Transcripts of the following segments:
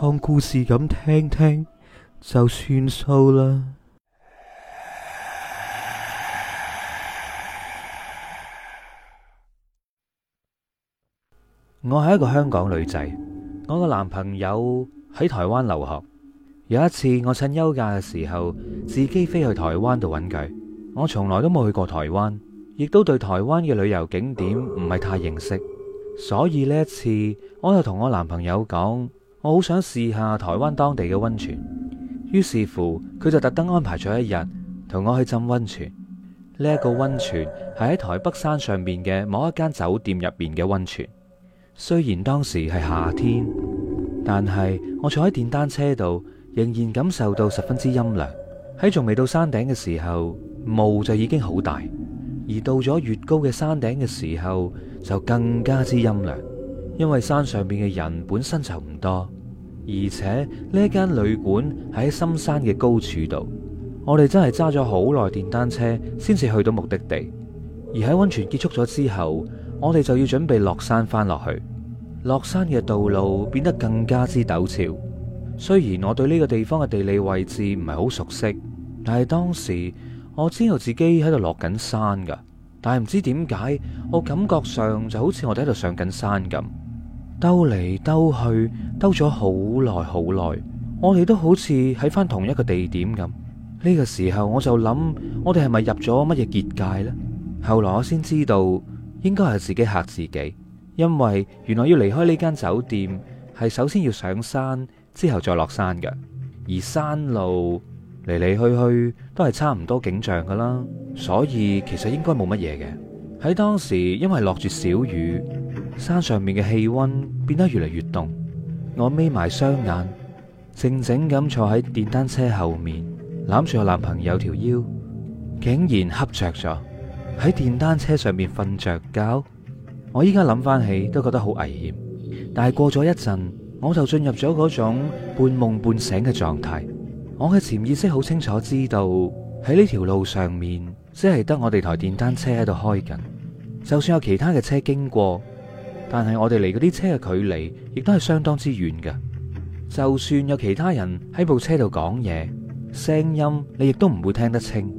當故事咁聽聽就算數啦。我係一個香港女仔，我個男朋友喺台灣留學。有一次，我趁休假嘅時候，自己飛去台灣度揾佢。我從來都冇去過台灣，亦都對台灣嘅旅遊景點唔係太認識，所以呢一次，我就同我男朋友講。我好想試下台灣當地嘅温泉，於是乎佢就特登安排咗一日同我去浸温泉。呢一個温泉係喺台北山上面嘅某一間酒店入面嘅温泉。雖然當時係夏天，但係我坐喺電單車度，仍然感受到十分之陰涼。喺仲未到山頂嘅時候，霧就已經好大；而到咗越高嘅山頂嘅時候，就更加之陰涼。因為山上邊嘅人本身就唔多，而且呢間旅館喺深山嘅高處度，我哋真係揸咗好耐電單車，先至去到目的地。而喺溫泉結束咗之後，我哋就要準備落山翻落去。落山嘅道路變得更加之陡峭。雖然我對呢個地方嘅地理位置唔係好熟悉，但係當時我知道自己喺度落緊山㗎，但係唔知點解，我感覺上就好似我哋喺度上緊山咁。兜嚟兜去，兜咗好耐好耐，我哋都好似喺翻同一個地點咁。呢個時候我就諗，我哋係咪入咗乜嘢結界呢？後來我先知道，應該係自己嚇自己，因為原來要離開呢間酒店，係首先要上山，之後再落山嘅。而山路嚟嚟去去都係差唔多景象噶啦，所以其實應該冇乜嘢嘅。喺當時，因為落住小雨。山上面嘅氣溫變得越嚟越凍，我眯埋雙眼，靜靜咁坐喺電單車後面攬住我男朋友條腰，竟然瞌着咗喺電單車上面瞓着覺。我依家諗翻起都覺得好危險，但係過咗一陣，我就進入咗嗰種半夢半醒嘅狀態。我嘅潛意識好清楚知道喺呢條路上面，只係得我哋台電單車喺度開緊，就算有其他嘅車經過。但係我哋離嗰啲車嘅距離亦都係相當之遠嘅，就算有其他人喺部車度講嘢，聲音你亦都唔會聽得清。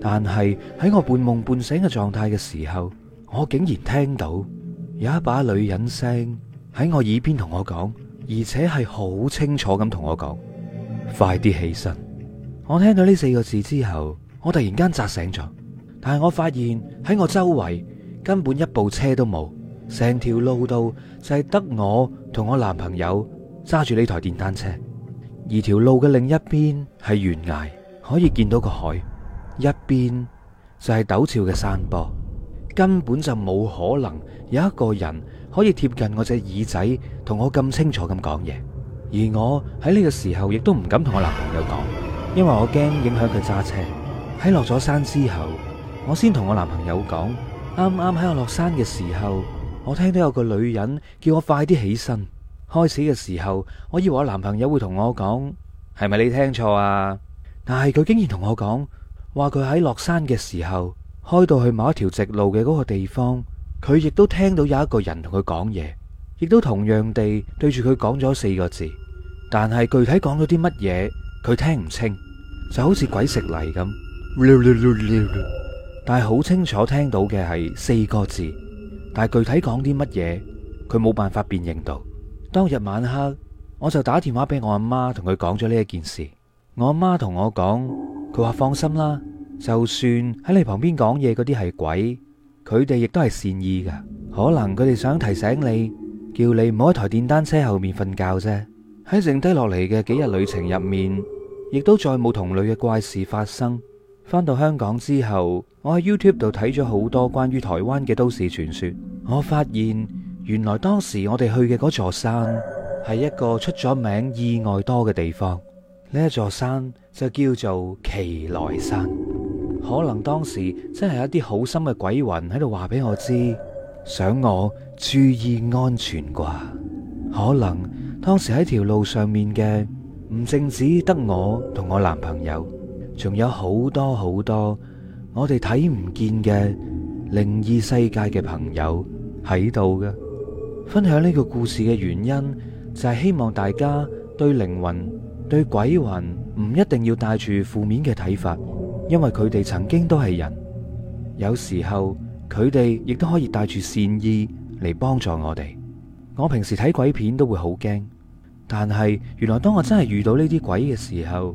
但係喺我半夢半醒嘅狀態嘅時候，我竟然聽到有一把女人聲喺我耳邊同我講，而且係好清楚咁同我講，快啲起身！我聽到呢四個字之後，我突然間扎醒咗，但係我發現喺我周圍根本一部車都冇。成條路度就係得我同我男朋友揸住呢台電單車，而條路嘅另一邊係懸崖，可以見到個海，一邊就係陡峭嘅山坡，根本就冇可能有一個人可以貼近我隻耳仔同我咁清楚咁講嘢。而我喺呢個時候亦都唔敢同我男朋友講，因為我驚影響佢揸車。喺落咗山之後，我先同我男朋友講，啱啱喺我落山嘅時候。我聽到有個女人叫我快啲起身。開始嘅時候，我以為我男朋友會同我講，係咪你聽錯啊？但係佢竟然同我講，話佢喺落山嘅時候，開到去某一條直路嘅嗰個地方，佢亦都聽到有一個人同佢講嘢，亦都同樣地對住佢講咗四個字，但係具體講咗啲乜嘢，佢聽唔清，就好似鬼食泥咁。 但係好清楚聽到嘅係四個字。但係具體講啲乜嘢，佢冇辦法辨認到。當日晚黑，我就打電話俾我阿媽，同佢講咗呢一件事。我阿媽同我講，佢話放心啦，就算喺你旁邊講嘢嗰啲係鬼，佢哋亦都係善意㗎，可能佢哋想提醒你，叫你唔好喺台電單車後面瞓覺啫。喺剩低落嚟嘅幾日旅程入面，亦都再冇同類嘅怪事發生。翻到香港之後，我喺 YouTube 度睇咗好多關於台灣嘅都市傳說，我發現原來當時我哋去嘅嗰座山係一個出咗名意外多嘅地方。呢一座山就叫做奇萊山，可能當時真係有啲好心嘅鬼魂喺度話俾我知，想我注意安全啩。可能當時喺條路上面嘅唔淨止得我同我男朋友。仲有好多好多我哋睇唔見嘅靈異世界嘅朋友喺度嘅。分享呢個故事嘅原因就係希望大家對靈魂、對鬼魂唔一定要帶住負面嘅睇法，因為佢哋曾經都係人。有時候佢哋亦都可以帶住善意嚟幫助我哋。我平時睇鬼片都會好驚，但係原來當我真係遇到呢啲鬼嘅時候。